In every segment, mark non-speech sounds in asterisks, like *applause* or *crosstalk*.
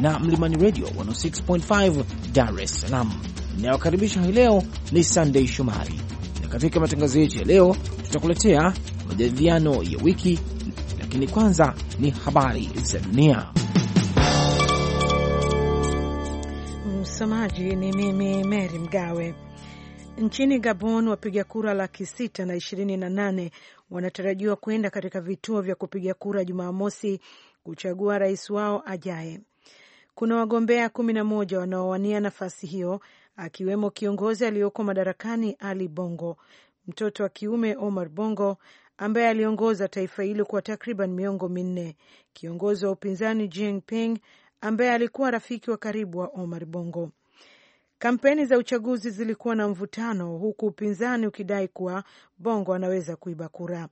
na Mlimani Radio 106.5 Dar es Salaam. Inayokaribisha hii leo ni Sunday Shomari, na katika matangazo yetu ya leo tutakuletea majadiliano ya wiki, lakini kwanza ni habari za dunia. Msomaji ni mimi Mary Mgawe. Nchini Gabon, wapiga kura laki sita na ishirini na nane wanatarajiwa kwenda katika vituo vya kupiga kura Jumamosi kuchagua rais wao ajaye. Kuna wagombea kumi na moja wanaowania nafasi hiyo akiwemo kiongozi aliyoko madarakani Ali Bongo, mtoto wa kiume Omar Bongo ambaye aliongoza taifa hilo kwa takriban miongo minne, kiongozi wa upinzani Jinping ambaye alikuwa rafiki wa karibu wa Omar Bongo. Kampeni za uchaguzi zilikuwa na mvutano, huku upinzani ukidai kuwa Bongo anaweza kuiba kura.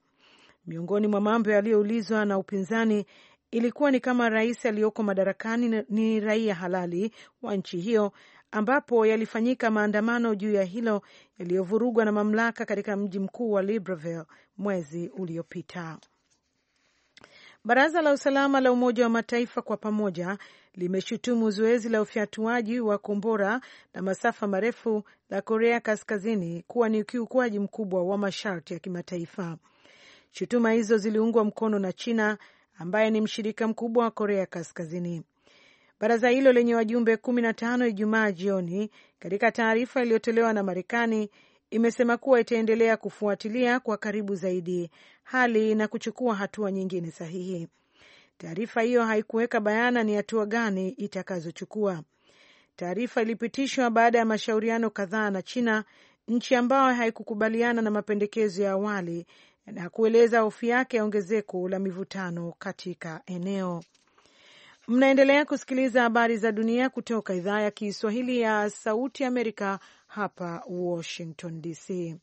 Miongoni mwa mambo yaliyoulizwa na upinzani ilikuwa ni kama rais aliyoko madarakani ni raia halali wa nchi hiyo, ambapo yalifanyika maandamano juu ya hilo yaliyovurugwa na mamlaka katika mji mkuu wa Libreville mwezi uliopita. Baraza la usalama la Umoja wa Mataifa kwa pamoja limeshutumu zoezi la ufyatuaji wa kombora na masafa marefu la Korea Kaskazini kuwa ni ukiukwaji mkubwa wa masharti ya kimataifa. Shutuma hizo ziliungwa mkono na China, ambaye ni mshirika mkubwa wa Korea Kaskazini. Baraza hilo lenye wajumbe kumi na tano Ijumaa jioni, katika taarifa iliyotolewa na Marekani, imesema kuwa itaendelea kufuatilia kwa karibu zaidi hali na kuchukua hatua nyingine sahihi. Taarifa hiyo haikuweka bayana ni hatua gani itakazochukua. Taarifa ilipitishwa baada ya mashauriano kadhaa na China, nchi ambayo haikukubaliana na mapendekezo ya awali na kueleza hofu yake ya ongezeko la mivutano katika eneo. Mnaendelea kusikiliza habari za dunia kutoka idhaa ya Kiswahili ya Sauti Amerika, hapa Washington DC.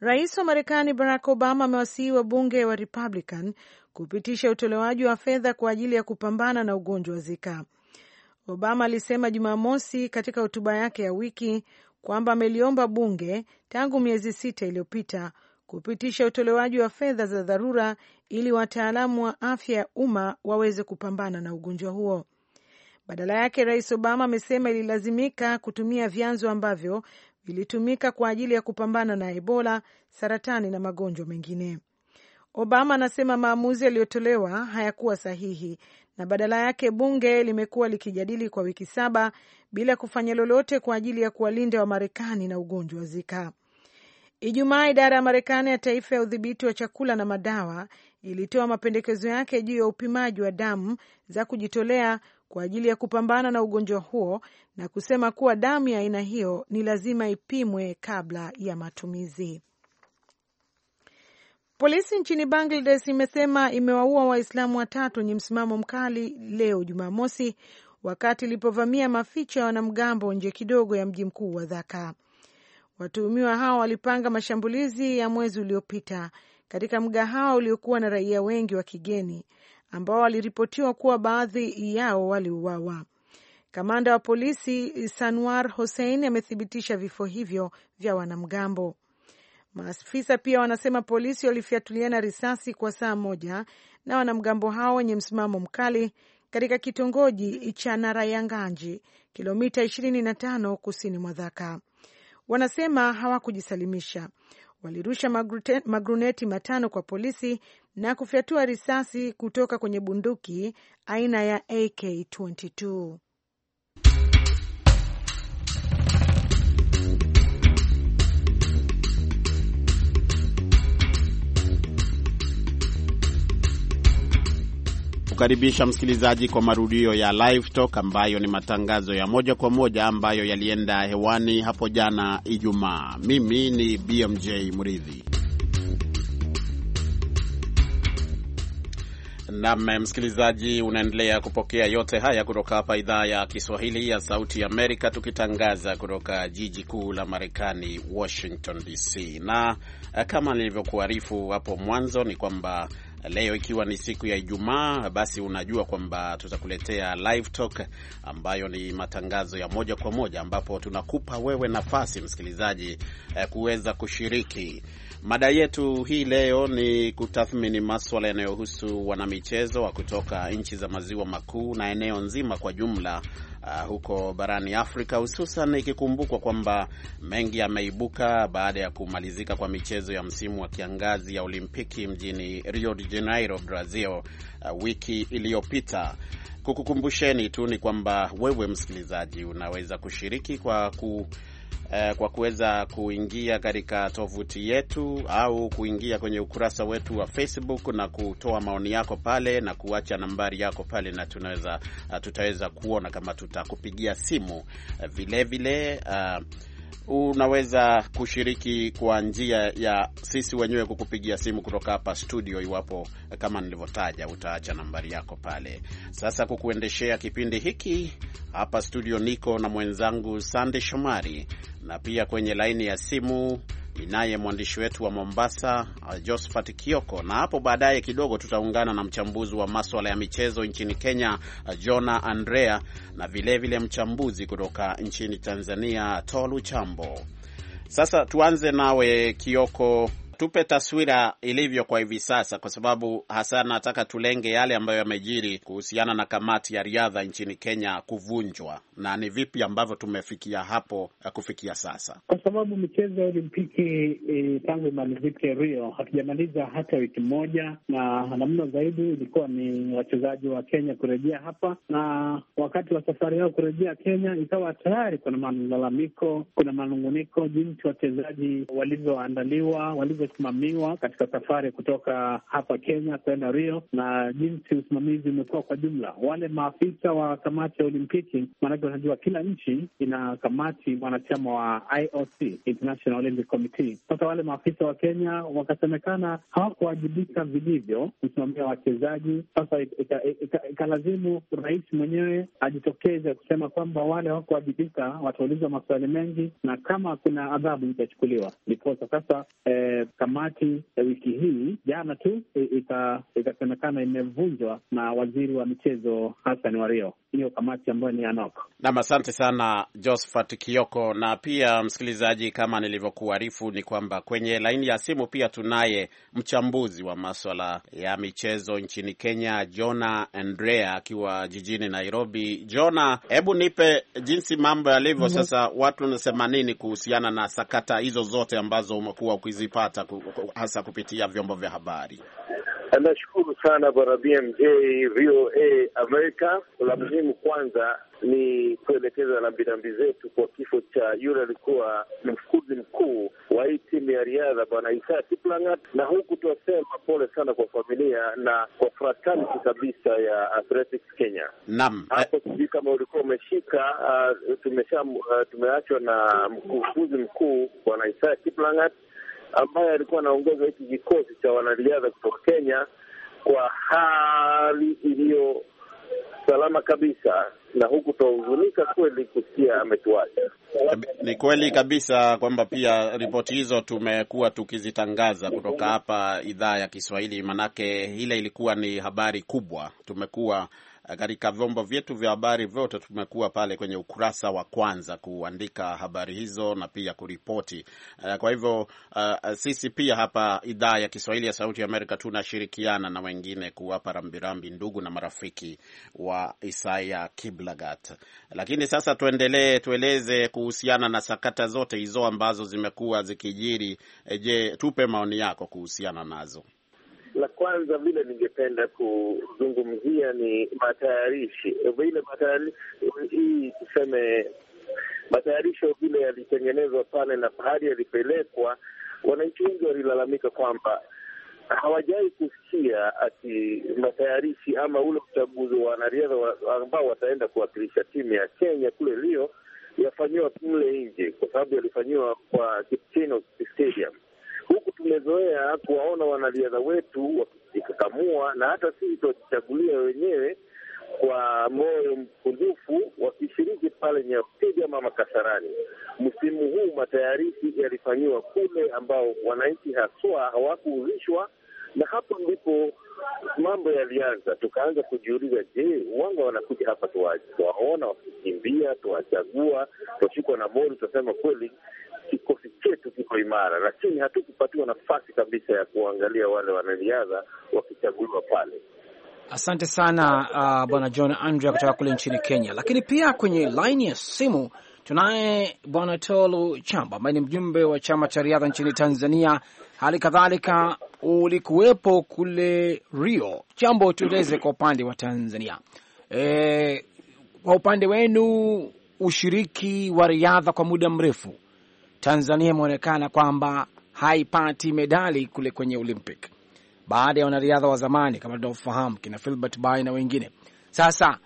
Rais wa Marekani Barack Obama amewasihi wabunge wa Republican kupitisha utolewaji wa fedha kwa ajili ya kupambana na ugonjwa wa Zika. Obama alisema Jumamosi katika hotuba yake ya wiki kwamba ameliomba bunge tangu miezi sita iliyopita kupitisha utolewaji wa fedha za dharura ili wataalamu wa afya ya umma waweze kupambana na ugonjwa huo. Badala yake, Rais Obama amesema ililazimika kutumia vyanzo ambavyo vilitumika kwa ajili ya kupambana na Ebola, saratani na magonjwa mengine. Obama anasema maamuzi yaliyotolewa hayakuwa sahihi na badala yake bunge limekuwa likijadili kwa wiki saba bila kufanya lolote kwa ajili ya kuwalinda Wamarekani na ugonjwa wa Zika. Ijumaa idara ya Marekani ya taifa ya udhibiti wa chakula na madawa ilitoa mapendekezo yake juu ya upimaji wa damu za kujitolea kwa ajili ya kupambana na ugonjwa huo na kusema kuwa damu ya aina hiyo ni lazima ipimwe kabla ya matumizi. Polisi nchini Bangladesh imesema imewaua Waislamu watatu wenye msimamo mkali leo Jumamosi, wakati ilipovamia maficho ya wanamgambo nje kidogo ya mji mkuu wa Dhaka. Watuhumiwa hao walipanga mashambulizi ya mwezi uliopita katika mgahawa uliokuwa na raia wengi wa kigeni ambao waliripotiwa kuwa baadhi yao waliuawa. Kamanda wa polisi Sanwar Hussein amethibitisha vifo hivyo vya wanamgambo. Maafisa pia wanasema polisi walifyatuliana risasi kwa saa moja na wanamgambo hao wenye msimamo mkali katika kitongoji cha Narayanganji, kilomita 25 kusini mwa Dhaka wanasema hawakujisalimisha. Walirusha magruneti matano kwa polisi na kufyatua risasi kutoka kwenye bunduki aina ya AK22. kukaribisha msikilizaji kwa marudio ya Live Talk ambayo ni matangazo ya moja kwa moja ambayo yalienda hewani hapo jana Ijumaa. Mimi ni BMJ Mridhi. Nam msikilizaji, unaendelea kupokea yote haya kutoka hapa idhaa ya Kiswahili ya Sauti Amerika, tukitangaza kutoka jiji kuu la Marekani, Washington DC. Na eh, kama nilivyokuarifu hapo mwanzo ni kwamba leo ikiwa ni siku ya Ijumaa, basi unajua kwamba tutakuletea live talk ambayo ni matangazo ya moja kwa moja, ambapo tunakupa wewe nafasi msikilizaji, eh, kuweza kushiriki Mada yetu hii leo ni kutathmini maswala yanayohusu wanamichezo wa kutoka nchi za maziwa makuu na eneo nzima kwa jumla, uh, huko barani Afrika, hususan ikikumbukwa kwamba mengi yameibuka baada ya kumalizika kwa michezo ya msimu wa kiangazi ya Olimpiki mjini Rio de Janeiro, Brazil, uh, wiki iliyopita. Kukukumbusheni tu ni kwamba wewe msikilizaji unaweza kushiriki kwa ku eh, kwa kuweza kuingia katika tovuti yetu au kuingia kwenye ukurasa wetu wa Facebook na kutoa maoni yako pale na kuacha nambari yako pale, na tunaweza eh, tutaweza kuona kama tutakupigia simu vilevile eh, vile, uh, unaweza kushiriki kwa njia ya sisi wenyewe kukupigia simu kutoka hapa studio, iwapo kama nilivyotaja utaacha nambari yako pale. Sasa kukuendeshea kipindi hiki hapa studio niko na mwenzangu Sande Shomari, na pia kwenye laini ya simu Ninaye mwandishi wetu wa Mombasa, uh, Josphat Kioko, na hapo baadaye kidogo tutaungana na mchambuzi wa maswala ya michezo nchini Kenya, uh, Jona Andrea, na vilevile vile mchambuzi kutoka nchini Tanzania, Tolu Chambo. Sasa tuanze nawe Kioko tupe taswira ilivyo kwa hivi sasa, kwa sababu hasa nataka tulenge yale ambayo yamejiri kuhusiana na kamati ya riadha nchini Kenya kuvunjwa, na ni vipi ambavyo tumefikia hapo eh, kufikia sasa, kwa sababu michezo ya Olimpiki e, tangu imalizike Rio hatujamaliza hata wiki moja, na namna zaidi ilikuwa ni wachezaji wa Kenya kurejea hapa, na wakati wa safari yao kurejea Kenya ikawa tayari kuna malalamiko, kuna manunguniko jinsi wachezaji walivyoandaliwa walivyo uliosimamiwa katika safari kutoka hapa Kenya kwenda Rio na jinsi usimamizi umekuwa kwa jumla. Wale maafisa wa kamati ya Olimpiki, maanake wanajua kila nchi ina kamati mwanachama wa IOC, International Olympic Committee. Sasa wale maafisa wa Kenya wakasemekana hawakuwajibika vilivyo kusimamia wachezaji. Sasa ikalazimu rais mwenyewe ajitokeze kusema kwamba wale hawakuwajibika, wataulizwa maswali mengi na kama kuna adhabu itachukuliwa. Ndiposa sasa eh, kamati ya wiki hii jana tu ikasemekana imevunjwa na waziri wa michezo Hassan Wario, hiyo kamati ambayo ni ANOC. Nam, asante sana Josphat Kioko. Na pia msikilizaji, kama nilivyokuarifu ni kwamba kwenye laini ya simu pia tunaye mchambuzi wa maswala ya michezo nchini Kenya, Jona Andrea akiwa jijini Nairobi. Jona, hebu nipe jinsi mambo yalivyo mhm. sasa, watu wanasema nini kuhusiana na sakata hizo zote ambazo umekuwa ukizipata hasa kupitia vyombo vya habari. Nashukuru sana bwana BMJ VOA Amerika. La muhimu kwanza ni kuelekeza rambirambi zetu kwa kifo cha yule alikuwa mfukuzi mkuu wa hii timu ya riadha bwana Isaya Kiplangat, na huku tuwasema pole sana kwa familia na kwa fraternity kabisa ya Athletics Kenya. Naam, hapo sijui kama ulikuwa umeshika. Uh, ah, tumesha uh, ah, tumeachwa na mkufuzi mkuu bwana Isaya Kiplangat ambaye alikuwa anaongoza hiki kikosi cha wanariadha kutoka Kenya kwa hali iliyo salama kabisa, na huku tunahuzunika kweli kusikia ametuacha. Ni kweli kabisa kwamba pia ripoti hizo tumekuwa tukizitangaza kutoka hapa idhaa ya Kiswahili, manake ile ilikuwa ni habari kubwa, tumekuwa katika vyombo vyetu vya habari vyote tumekuwa pale kwenye ukurasa wa kwanza kuandika habari hizo na pia kuripoti. Eh, kwa hivyo eh, sisi pia hapa idhaa ya Kiswahili ya Sauti ya Amerika tunashirikiana na wengine kuwapa rambirambi ndugu na marafiki wa Isaya Kiblagat. Lakini sasa tuendelee, tueleze kuhusiana na sakata zote hizo ambazo zimekuwa zikijiri. Eh, je, tupe maoni yako kuhusiana nazo. La kwanza vile ningependa kuzungumzia ni matayarishi, vile hii tuseme matayarisho vile yalitengenezwa pale na pahali yalipelekwa, wananchi wengi walilalamika kwamba hawajawahi kusikia ati matayarishi ama ule uchaguzi wa wanariadha ambao wataenda kuwakilisha timu ya Kenya kule Rio yafanyiwa mle nje, kwa sababu yalifanyiwa kwa Kipchino Stadium. Huku tumezoea kuwaona wanariadha wetu wakijikakamua na hata sisi tuwajichagulia wenyewe kwa moyo mkunjufu wakishiriki pale Nyapidi ama Makasarani. Msimu huu matayarishi yalifanyiwa kule, ambao wananchi haswa hawakuhuzishwa, na hapo ndipo mambo yalianza. Tukaanza kujiuliza, je, wanga wanakuja hapa tuwaona wakikimbia, tuwachagua, tuashikwa na mori, tutasema kweli kiko imara, lakini hatukupatiwa nafasi kabisa ya kuangalia wale wanariadha wakichaguliwa pale. Asante sana uh, bwana John Andrea kutoka kule nchini Kenya. Lakini pia kwenye laini ya simu tunaye bwana Tolu Chamba ambaye ni mjumbe wa chama cha riadha nchini Tanzania. Hali kadhalika ulikuwepo kule Rio. Jambo, tueleze kwa upande wa Tanzania, e, kwa upande wenu ushiriki wa riadha kwa muda mrefu Tanzania imeonekana kwamba haipati medali kule kwenye Olympic baada ya wanariadha wa zamani kama tunavyofahamu kina Filbert Bayi na wengine. Sasa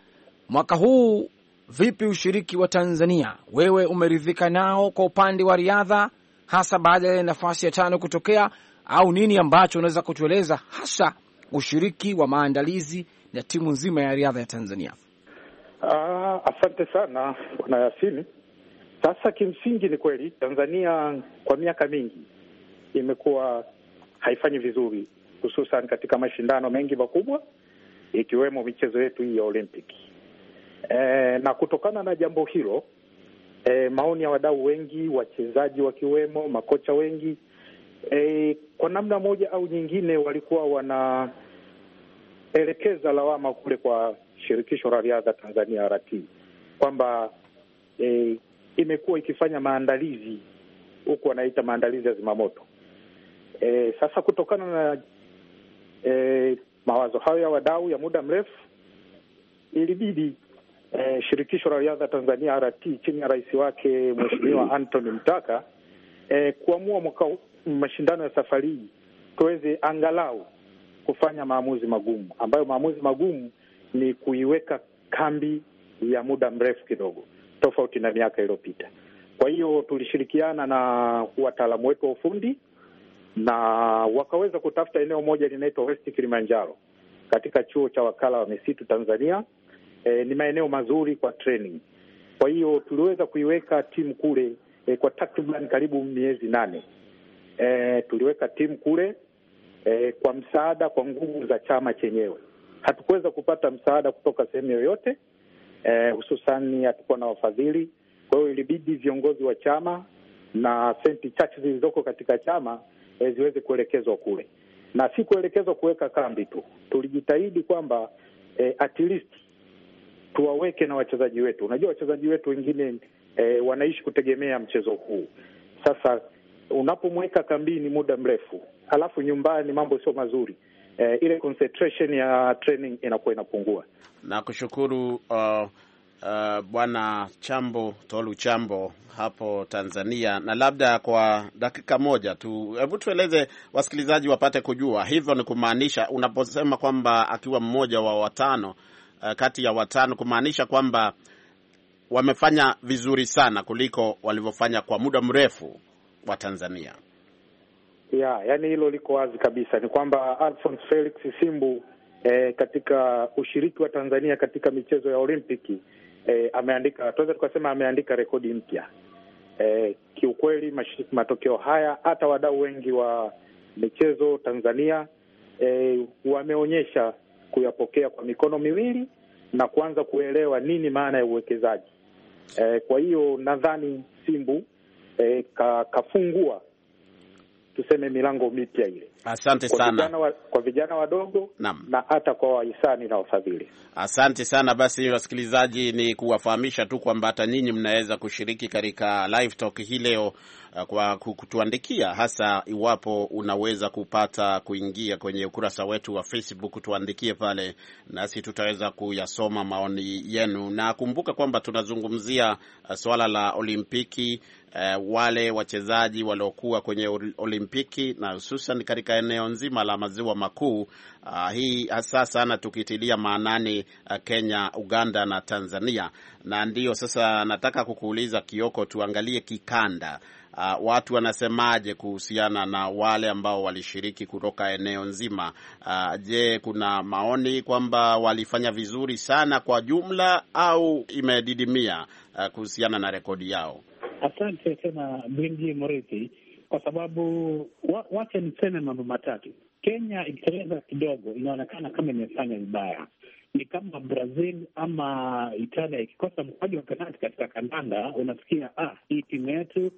mwaka huu vipi ushiriki wa Tanzania? Wewe umeridhika nao kwa upande wa riadha, hasa baada ya nafasi ya tano kutokea, au nini ambacho unaweza kutueleza hasa ushiriki wa maandalizi na timu nzima ya riadha ya Tanzania? Ah, asante sana Bwana Yasini. Sasa kimsingi ni kweli Tanzania kwa miaka mingi imekuwa haifanyi vizuri, hususan katika mashindano mengi makubwa ikiwemo michezo yetu hii ya Olympic. E, na kutokana na jambo hilo e, maoni ya wadau wengi, wachezaji wakiwemo, makocha wengi e, kwa namna moja au nyingine walikuwa wanaelekeza lawama kule kwa shirikisho la riadha Tanzania, RT, kwamba e, imekuwa ikifanya maandalizi huku wanaita maandalizi ya zimamoto. E, sasa kutokana na e, mawazo hayo ya wadau ya muda mrefu ilibidi e, shirikisho la riadha Tanzania RT chini ya rais wake Mheshimiwa *clears throat* Anthony Mtaka e, kuamua mwaka mashindano ya safari hii tuweze angalau kufanya maamuzi magumu, ambayo maamuzi magumu ni kuiweka kambi ya muda mrefu kidogo tofauti na miaka iliyopita. Kwa hiyo tulishirikiana na wataalamu wetu wa ufundi na wakaweza kutafuta eneo moja linaitwa West Kilimanjaro katika chuo cha wakala wa misitu Tanzania. E, ni maeneo mazuri kwa training. Kwa hiyo tuliweza kuiweka timu kule e, kwa takriban karibu miezi nane. E, tuliweka timu kule e, kwa msaada, kwa nguvu za chama chenyewe. Hatukuweza kupata msaada kutoka sehemu yoyote Eh, hususan hatukuwa na wafadhili. Kwa hiyo ilibidi viongozi wa chama na senti chache zilizoko katika chama eh, ziweze kuelekezwa kule, na si kuelekezwa kuweka kambi tu. Tulijitahidi kwamba eh, at least tuwaweke na wachezaji wetu. Unajua wachezaji wetu wengine eh, wanaishi kutegemea mchezo huu. Sasa unapomweka kambini muda mrefu, alafu nyumbani mambo sio mazuri eh, ile concentration ya training inakuwa inapungua. Na kushukuru uh, uh, Bwana Chambo Tolu Chambo hapo Tanzania. Na labda kwa dakika moja tu, hebu tueleze wasikilizaji wapate kujua, hivyo ni kumaanisha unaposema kwamba akiwa mmoja wa watano uh, kati ya watano, kumaanisha kwamba wamefanya vizuri sana kuliko walivyofanya kwa muda mrefu wa Tanzania ya yani, hilo liko wazi kabisa, ni kwamba Alphonse Felix Simbu eh, katika ushiriki wa Tanzania katika michezo ya Olimpiki eh, ameandika, tunaweza tukasema ameandika rekodi mpya eh, kiukweli. Matokeo haya hata wadau wengi wa michezo Tanzania eh, wameonyesha kuyapokea kwa mikono miwili na kuanza kuelewa nini maana ya uwekezaji eh. Kwa hiyo nadhani Simbu eh, ka, kafungua tuseme milango mipya ile. Asante sana kwa vijana, wa, kwa vijana wadogo na hata kwa wahisani na wafadhili. Asante sana. Basi wasikilizaji, ni kuwafahamisha tu kwamba hata nyinyi mnaweza kushiriki katika live talk hii leo eh, kwa kutuandikia, hasa iwapo unaweza kupata kuingia kwenye ukurasa wetu wa Facebook, tuandikie pale, nasi tutaweza kuyasoma maoni yenu, na kumbuka kwamba tunazungumzia eh, swala la Olimpiki, eh, wale wachezaji waliokuwa kwenye Olimpiki na hususan katika katika eneo nzima la maziwa makuu. Uh, hii hasa sana tukitilia maanani uh, Kenya, Uganda na Tanzania. Na ndiyo sasa nataka kukuuliza Kioko, tuangalie kikanda. Uh, watu wanasemaje kuhusiana na wale ambao walishiriki kutoka eneo nzima? Uh, je, kuna maoni kwamba walifanya vizuri sana kwa jumla au imedidimia uh, kuhusiana na rekodi yao? Asante sana Bingi Moreti kwa sababu wa, wache niseme mambo matatu. Kenya ikiteleza kidogo, inaonekana kama imefanya vibaya, ni kama Brazil ama Italia ikikosa mkoaji wa penati katika kandanda, unasikia ah, hii timu yetu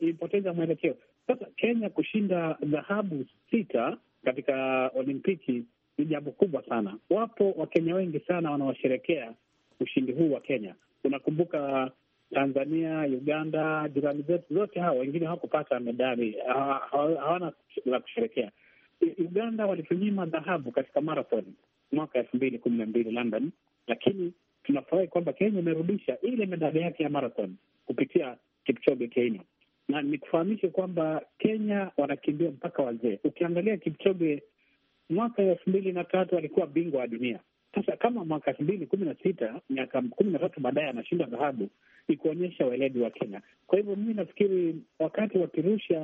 imepoteza mwelekeo. Sasa Kenya kushinda dhahabu sita katika Olimpiki ni jambo kubwa sana. Wapo Wakenya wengi sana wanaosherekea ushindi huu wa Kenya. Unakumbuka Tanzania, Uganda, jirani zetu zote hawa wengine hawakupata medali, hawana la kusherekea. Uganda walitunyima dhahabu katika marathon mwaka elfu mbili kumi na mbili London, lakini tunafurahi kwamba Kenya imerudisha ile medali yake ya marathon kupitia Kipchoge Keina, na nikufahamishe kwamba Kenya wanakimbia mpaka wazee. Ukiangalia Kipchoge mwaka elfu mbili na tatu alikuwa bingwa wa dunia sasa kama mwaka elfu mbili kumi na sita miaka kumi na tatu baadaye anashinda dhahabu, ni kuonyesha weledi wa Kenya. Kwa hivyo mimi nafikiri wakati wakirusha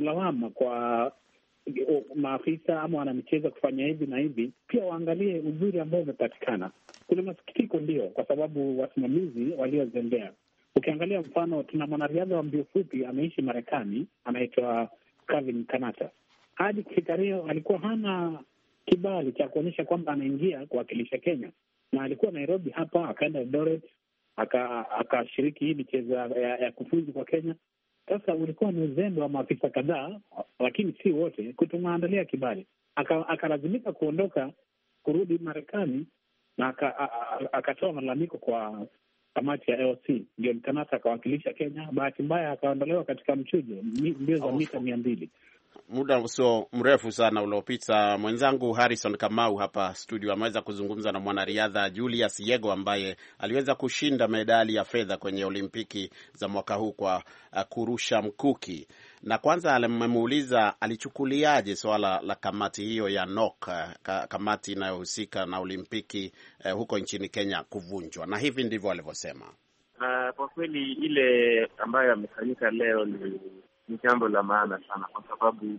lawama kwa maafisa ama wanamicheza kufanya hivi na hivi, pia waangalie uzuri ambao umepatikana. Kuna masikitiko, ndio, kwa sababu wasimamizi waliozembea. Ukiangalia mfano, tuna mwanariadha wa mbio fupi ameishi Marekani, anaitwa Calvin Kanata. Hadi kufika Rio alikuwa hana kibali cha kuonyesha kwamba anaingia kuwakilisha Kenya, na alikuwa Nairobi hapa, akaenda Eldoret, akashiriki hii michezo ya, ya, ya kufuzu kwa Kenya. Sasa ulikuwa ni uzembe wa maafisa kadhaa, lakini si wote, kutomwandalia kibali, akalazimika kuondoka kurudi Marekani na akatoa malalamiko kwa kamati ya AOC ndio mkanata akawakilisha Kenya. Bahati mbaya akaondolewa katika mchujo mbio za oh, mita mia mbili muda usio mrefu sana uliopita, mwenzangu Harrison Kamau hapa studio ameweza kuzungumza na mwanariadha Julius Yego ambaye aliweza kushinda medali ya fedha kwenye Olimpiki za mwaka huu kwa uh, kurusha mkuki, na kwanza alimemuuliza alichukuliaje swala la kamati hiyo ya NOC, uh, kamati inayohusika na Olimpiki eh, huko nchini Kenya kuvunjwa, na hivi ndivyo alivyosema. Uh, kwa kweli ile ambayo amefanyika leo ni ni jambo la maana sana, kwa sababu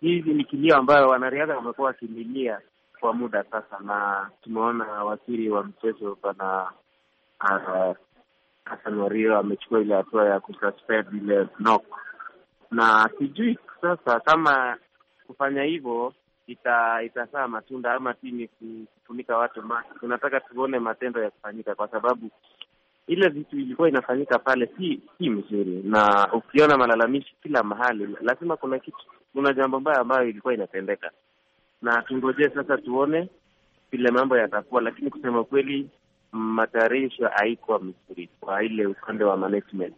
hizi ni kilio ambayo wanariadha wamekuwa wakimilia kwa muda sasa, na tumeona waziri wa mchezo bana uh, Hassan Wario amechukua ile hatua ya kususpend ile na sijui sasa kama kufanya hivyo ita- itazaa matunda ama tini kufunika watu macho. Tunataka tuone matendo ya kufanyika, kwa sababu ile vitu ilikuwa inafanyika pale si si mzuri, na ukiona malalamishi kila mahali, lazima kuna kitu, kuna jambo mbaya ambayo ilikuwa inatendeka, na tungojee sasa tuone vile mambo yatakuwa, lakini kusema kweli, matayarisho haikuwa mzuri kwa ile upande wa management,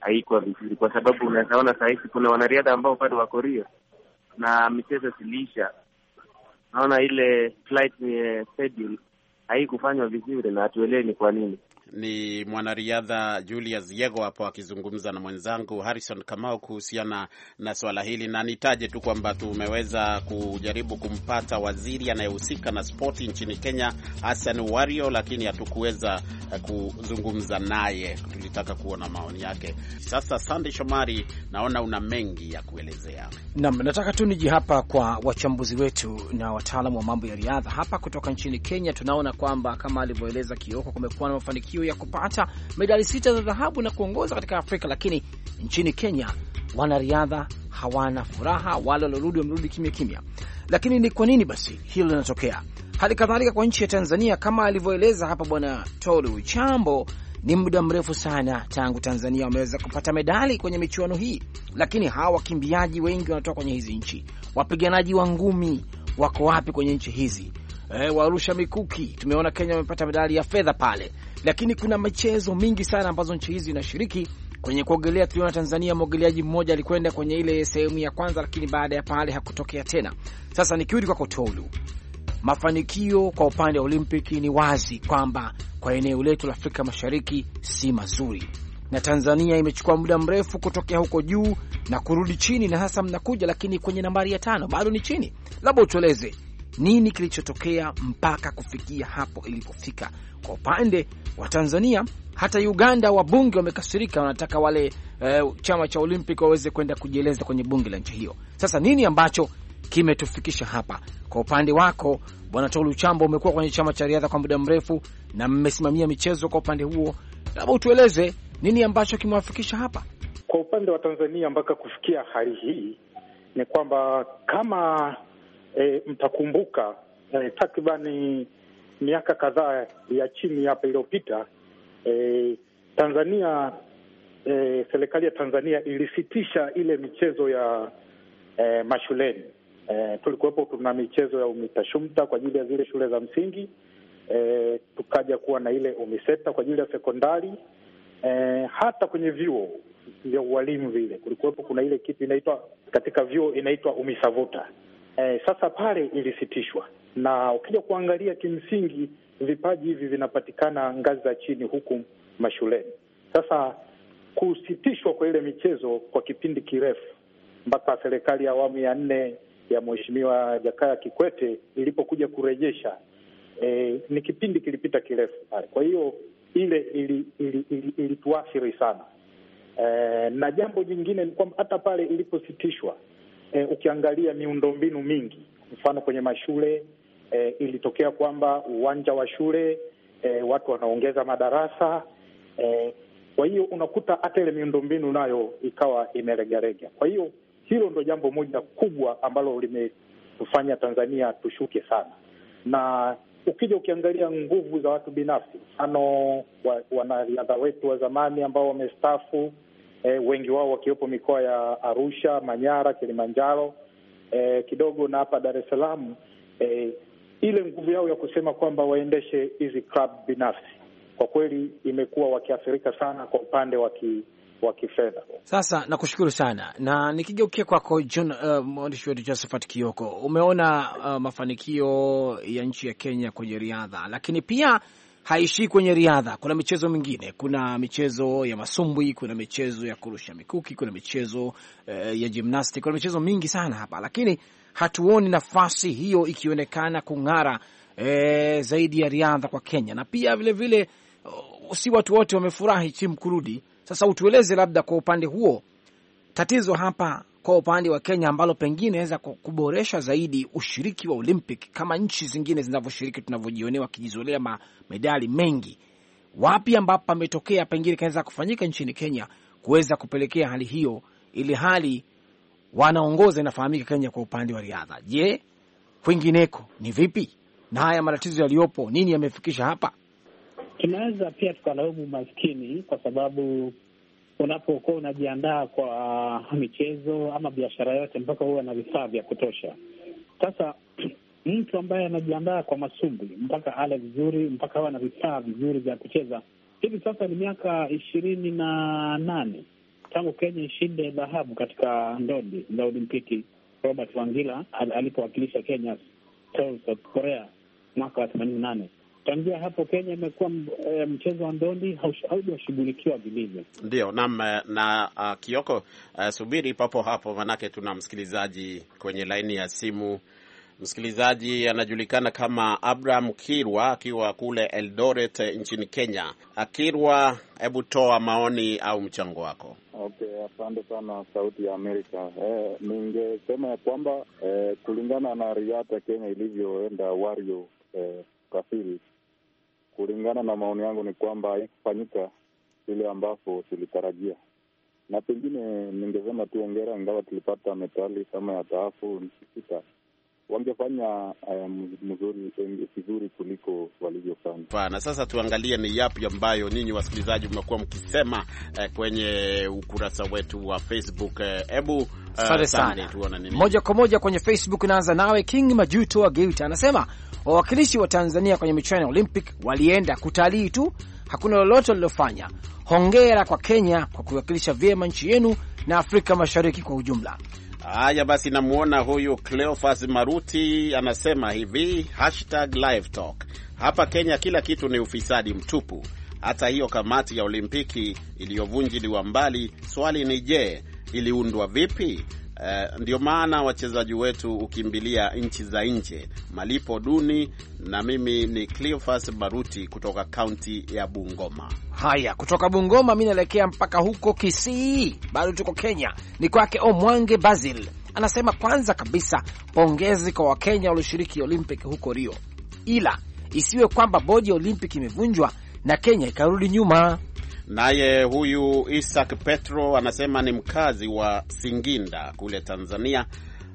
haikuwa vizuri, kwa sababu unawezaona sahizi kuna wanariadha ambao bado wako Rio na michezo ziliisha. Naona ile flight eh, schedule haikufanywa vizuri, na hatuelewi ni kwa nini ni mwanariadha Julius Yego hapo akizungumza na mwenzangu Harrison Kamau kuhusiana na swala hili, na nitaje tu kwamba tumeweza kujaribu kumpata waziri anayehusika na spoti nchini Kenya, Hassan Wario, lakini hatukuweza kuzungumza naye, tulitaka kuona maoni yake. Sasa Sande Shomari, naona una mengi ya kuelezea. Naam, nataka tu niji hapa kwa wachambuzi wetu na wataalamu wa mambo ya riadha hapa kutoka nchini Kenya. Tunaona kwamba kama alivyoeleza Kioko, kumekuwa na mafanikio mafanikio ya kupata medali sita za dhahabu na kuongoza katika Afrika, lakini nchini Kenya wanariadha hawana furaha, wale waliorudi wamerudi kimya kimya. Lakini ni kwa nini basi hilo linatokea? Hali kadhalika kwa nchi ya Tanzania, kama alivyoeleza hapa bwana Tolu Chambo, ni muda mrefu sana tangu Tanzania wameweza kupata medali kwenye michuano hii, lakini hawa wakimbiaji wengi wanatoka kwenye hizi nchi. Wapiganaji wa ngumi wako wapi kwenye nchi hizi? E, eh, warusha mikuki, tumeona Kenya wamepata medali ya fedha pale, lakini kuna michezo mingi sana ambazo nchi hizi inashiriki. Kwenye kuogelea tuliona Tanzania, mwogeleaji mmoja alikwenda kwenye ile sehemu ya kwanza, lakini baada ya pale hakutokea tena. Sasa nikirudi kwako Tolu, mafanikio kwa upande wa Olimpiki ni wazi kwamba kwa eneo letu la Afrika Mashariki si mazuri, na Tanzania imechukua muda mrefu kutokea huko juu na kurudi chini, na hasa mnakuja lakini kwenye nambari ya tano bado ni chini. Labda utueleze nini kilichotokea mpaka kufikia hapo ilipofika. Kwa upande wa Tanzania, hata Uganda wabunge wamekasirika, wanataka wale e, chama cha Olympic waweze kwenda kujieleza kwenye bunge la nchi hiyo. Sasa nini ambacho kimetufikisha hapa? Kwa upande wako Bwana Tolu Chambo, umekuwa kwenye chama cha riadha kwa muda mrefu na mmesimamia michezo kwa upande huo, labda utueleze nini ambacho kimewafikisha hapa kwa upande wa Tanzania mpaka kufikia hali hii. Ni kwamba kama e, mtakumbuka e, takribani miaka kadhaa ya chini hapa iliyopita e, Tanzania e, serikali ya Tanzania ilisitisha ile michezo ya e, mashuleni. E, tulikuwepo tuna michezo ya UMITASHUMTA kwa ajili ya zile shule za msingi e, tukaja kuwa na ile UMISETA kwa ajili ya sekondari e, hata kwenye vyuo vya ualimu vile kulikuwepo kuna ile kitu inaitwa katika vyuo inaitwa UMISAVUTA eh, sasa pale ilisitishwa, na ukija kuangalia kimsingi vipaji hivi vinapatikana ngazi za chini huku mashuleni. Sasa kusitishwa kwa ile michezo kwa kipindi kirefu mpaka serikali ya awamu ya nne ya Mheshimiwa Jakaya Kikwete ilipokuja kurejesha, e, ni kipindi kilipita kirefu pale, kwa hiyo ile ilituathiri ili, ili, ili sana. e, na jambo jingine ni kwamba hata pale ilipositishwa e, ukiangalia miundombinu mingi, mfano kwenye mashule e, ilitokea kwamba uwanja wa shule e, watu wanaongeza madarasa e, kwa hiyo unakuta hata ile miundombinu nayo ikawa imeregarega. Kwa hiyo hilo ndo jambo moja kubwa ambalo limetufanya Tanzania tushuke sana, na ukija ukiangalia nguvu za watu binafsi, mfano wanariadha wetu wa zamani ambao wamestaafu e, wengi wao wakiwepo mikoa ya Arusha, Manyara, Kilimanjaro e, kidogo na hapa Dar es Salaam e, ile nguvu yao ya kusema kwamba waendeshe hizi club binafsi kwa kweli imekuwa wakiathirika sana kwa upande wa kifedha. Sasa nakushukuru sana, na nikigeukia kwako John, mwandishi wetu Josephat Kioko, umeona uh, mafanikio ya nchi ya Kenya kwenye riadha, lakini pia haishii kwenye riadha, kuna michezo mingine, kuna michezo ya masumbwi, kuna michezo ya kurusha mikuki, kuna michezo eh, ya gymnastics, kuna michezo mingi sana hapa, lakini hatuoni nafasi hiyo ikionekana kung'ara eh, zaidi ya riadha kwa Kenya. Na pia vilevile vile, oh, si watu wote wamefurahi timu kurudi. Sasa utueleze labda kwa upande huo tatizo hapa kwa upande wa Kenya ambalo pengine inaweza kuboresha zaidi ushiriki wa Olympic kama nchi zingine zinavyoshiriki, tunavyojionea wakijizolea ma medali mengi, wapi ambapo pametokea pengine kinaweza kufanyika nchini Kenya kuweza kupelekea hali hiyo, ili hali wanaongoza inafahamika Kenya kwa upande wa riadha. Je, kwingineko ni vipi? Na haya matatizo yaliyopo, nini yamefikisha hapa? Tunaweza pia tukalaumu maskini kwa sababu unapokuwa unajiandaa kwa michezo ama biashara yote, mpaka huwa na vifaa vya kutosha. Sasa *clears throat* mtu ambaye anajiandaa kwa masumbwi, mpaka ale vizuri, mpaka awe na vifaa vizuri vya kucheza. Hivi sasa ni miaka ishirini na nane tangu Kenya ishinde dhahabu katika ndondi za Olimpiki. Robert Wangila alipowakilisha Kenya Seoul, South Korea mwaka wa themanini nane tangia hapo Kenya imekuwa e, mchezo wa ndondi haujashughulikiwa vilivyo. Ndio nam eh, na, na uh, Kioko uh, subiri papo hapo, manake tuna msikilizaji kwenye laini ya simu. Msikilizaji anajulikana kama Abraham Kirwa akiwa kule Eldoret nchini Kenya. akirwa ah, hebu toa maoni au mchango wako. Okay, asante sana Sauti ya Amerika. Eh, ningesema ya kwamba eh, kulingana na riata Kenya ilivyoenda Wario eh, Kafiri kulingana na maoni yangu ni kwamba haikufanyika vile ambapo tulitarajia, na pengine ningesema tu ongera, ingawa tulipata metali kama ya taafu sita wangefanya eh, mzuri eh, vizuri kuliko walivyofanya. Pana sasa, tuangalie ni yapi ambayo ninyi wasikilizaji mmekuwa mkisema eh, kwenye ukurasa wetu wa Facebook. Hebu eh, eh, tuone nini moja kwa moja kwenye Facebook. Naanza nawe King Majuto wa Geita, anasema Wawakilishi wa Tanzania kwenye michuano ya Olympic walienda kutalii tu, hakuna lolote walilofanya. Hongera kwa Kenya kwa kuwakilisha vyema nchi yenu na Afrika Mashariki kwa ujumla. Haya basi, namwona huyu Cleofas Maruti anasema hivi hashtag live talk, hapa Kenya kila kitu ni ufisadi mtupu, hata hiyo kamati ya Olimpiki iliyovunjiliwa mbali. Swali ni je, iliundwa vipi? Eh, ndio maana wachezaji wetu hukimbilia nchi za nje. Malipo duni. Na mimi ni Cleofas Baruti kutoka kaunti ya Bungoma. Haya, kutoka Bungoma mi naelekea mpaka huko Kisii, bado tuko Kenya. Ni kwake Omwange Basil, anasema kwanza kabisa pongezi kwa Wakenya walioshiriki Olympic huko Rio, ila isiwe kwamba bodi ya Olympic imevunjwa na Kenya ikarudi nyuma. Naye huyu isak Petro anasema ni mkazi wa Singinda kule Tanzania.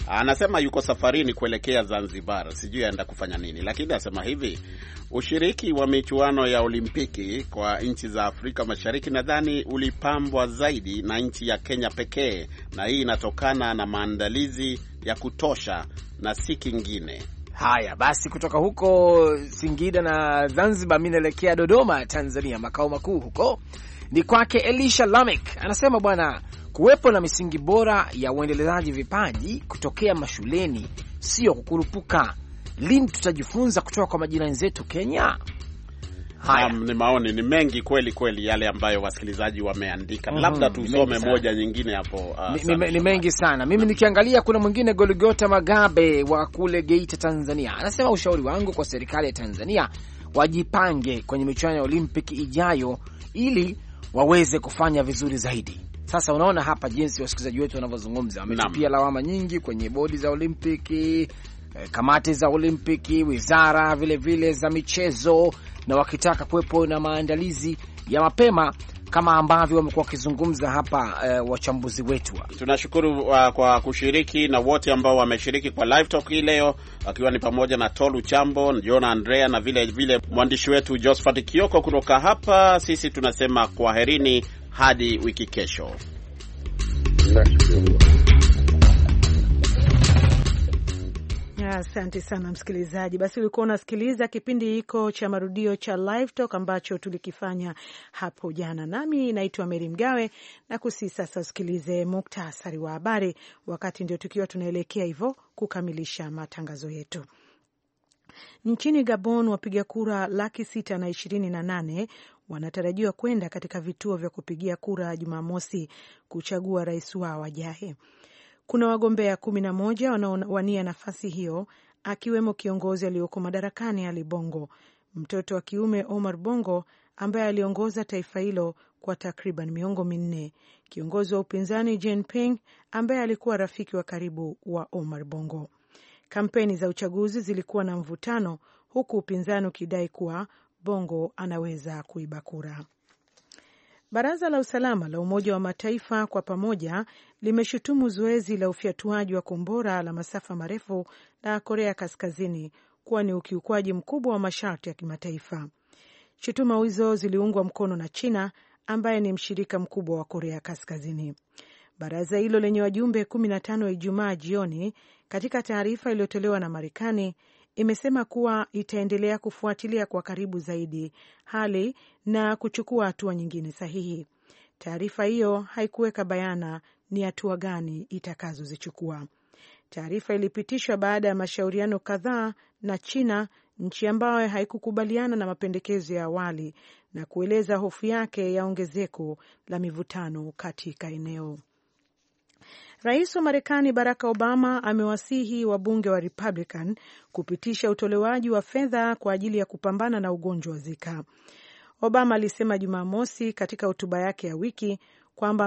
Anasema yuko safarini kuelekea Zanzibar, sijui aenda kufanya nini, lakini anasema hivi, ushiriki wa michuano ya Olimpiki kwa nchi za Afrika Mashariki nadhani ulipambwa zaidi na nchi ya Kenya pekee, na hii inatokana na maandalizi ya kutosha na si kingine. Haya basi, kutoka huko Singida na Zanzibar, mi naelekea Dodoma, Tanzania, makao makuu huko ni kwake Elisha Lamek. Anasema bwana, kuwepo na misingi bora ya uendelezaji vipaji kutokea mashuleni, sio kukurupuka. Lini tutajifunza kutoka kwa majirani zetu Kenya? Um, ni maoni ni mengi kweli kweli yale ambayo wasikilizaji wameandika. mm -hmm. Labda tusome moja nyingine hapo. Uh, ni, ni, ni mengi sana mimi nikiangalia, kuna mwingine goligota Magabe wa kule Geita, Tanzania, anasema ushauri wangu kwa serikali ya Tanzania wajipange kwenye michuano ya Olympic ijayo ili waweze kufanya vizuri zaidi. Sasa unaona hapa jinsi wasikilizaji wetu wanavyozungumza, wametupia lawama nyingi kwenye bodi za Olimpiki, eh, kamati za Olimpiki, wizara vilevile vile za michezo na wakitaka kuwepo na maandalizi ya mapema kama ambavyo wamekuwa wakizungumza hapa e, wachambuzi wetu. Tunashukuru uh, kwa kushiriki na wote ambao wameshiriki kwa live talk hii leo, akiwa ni pamoja na Tolu Chambo, Jona Andrea na vile vile mwandishi wetu Josephat Kioko. Kutoka hapa sisi tunasema kwaherini hadi wiki kesho. Nashukuru. Asante sana msikilizaji. Basi ulikuwa unasikiliza kipindi hiko cha marudio cha Live Talk ambacho tulikifanya hapo jana, nami naitwa Meri Mgawe na kusi. Sasa usikilize muktasari wa habari, wakati ndio tukiwa tunaelekea hivyo kukamilisha matangazo yetu. Nchini Gabon, wapiga kura laki sita na ishirini na nane wanatarajiwa kwenda katika vituo vya kupigia kura Jumamosi kuchagua rais wao ajaye. Kuna wagombea kumi na moja wanaowania nafasi hiyo, akiwemo kiongozi aliyoko madarakani Ali Bongo, mtoto wa kiume Omar Bongo ambaye aliongoza taifa hilo kwa takriban miongo minne, kiongozi wa upinzani Jean Ping ambaye alikuwa rafiki wa karibu wa Omar Bongo. Kampeni za uchaguzi zilikuwa na mvutano, huku upinzani ukidai kuwa Bongo anaweza kuiba kura. Baraza la usalama la Umoja wa Mataifa kwa pamoja limeshutumu zoezi la ufyatuaji wa kombora la masafa marefu la Korea Kaskazini kuwa ni ukiukwaji mkubwa wa masharti ya kimataifa. Shutuma hizo ziliungwa mkono na China ambaye ni mshirika mkubwa wa Korea Kaskazini. Baraza hilo lenye wajumbe 15 Ijumaa jioni, katika taarifa iliyotolewa na Marekani imesema kuwa itaendelea kufuatilia kwa karibu zaidi hali na kuchukua hatua nyingine sahihi. Taarifa hiyo haikuweka bayana ni hatua gani itakazozichukua. Taarifa ilipitishwa baada ya mashauriano kadhaa na China, nchi ambayo haikukubaliana na mapendekezo ya awali na kueleza hofu yake ya ongezeko la mivutano katika eneo. Rais wa Marekani Barack Obama amewasihi wabunge wa Republican kupitisha utolewaji wa fedha kwa ajili ya kupambana na ugonjwa wa Zika. Obama alisema Jumamosi katika hotuba yake ya wiki kwamba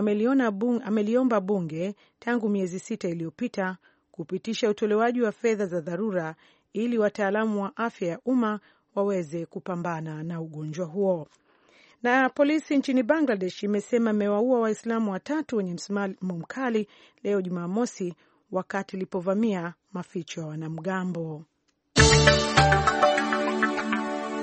ameliomba bunge tangu miezi sita iliyopita kupitisha utolewaji wa fedha za dharura ili wataalamu wa afya ya umma waweze kupambana na ugonjwa huo. Na polisi nchini Bangladesh imesema imewaua Waislamu watatu wenye msimamo mkali leo Jumamosi wakati ilipovamia maficho ya wanamgambo.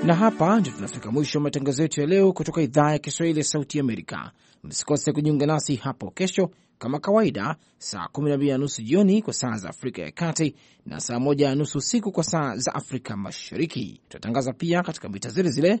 Na hapa ndio tunafika mwisho wa matangazo yetu ya leo kutoka idhaa ya Kiswahili ya Sauti Amerika. Msikose kujiunga nasi hapo kesho kama kawaida, saa 12 na nusu jioni kwa saa za Afrika ya Kati na saa 1 na nusu usiku kwa saa za Afrika Mashariki. tunatangaza pia katika mita zile zile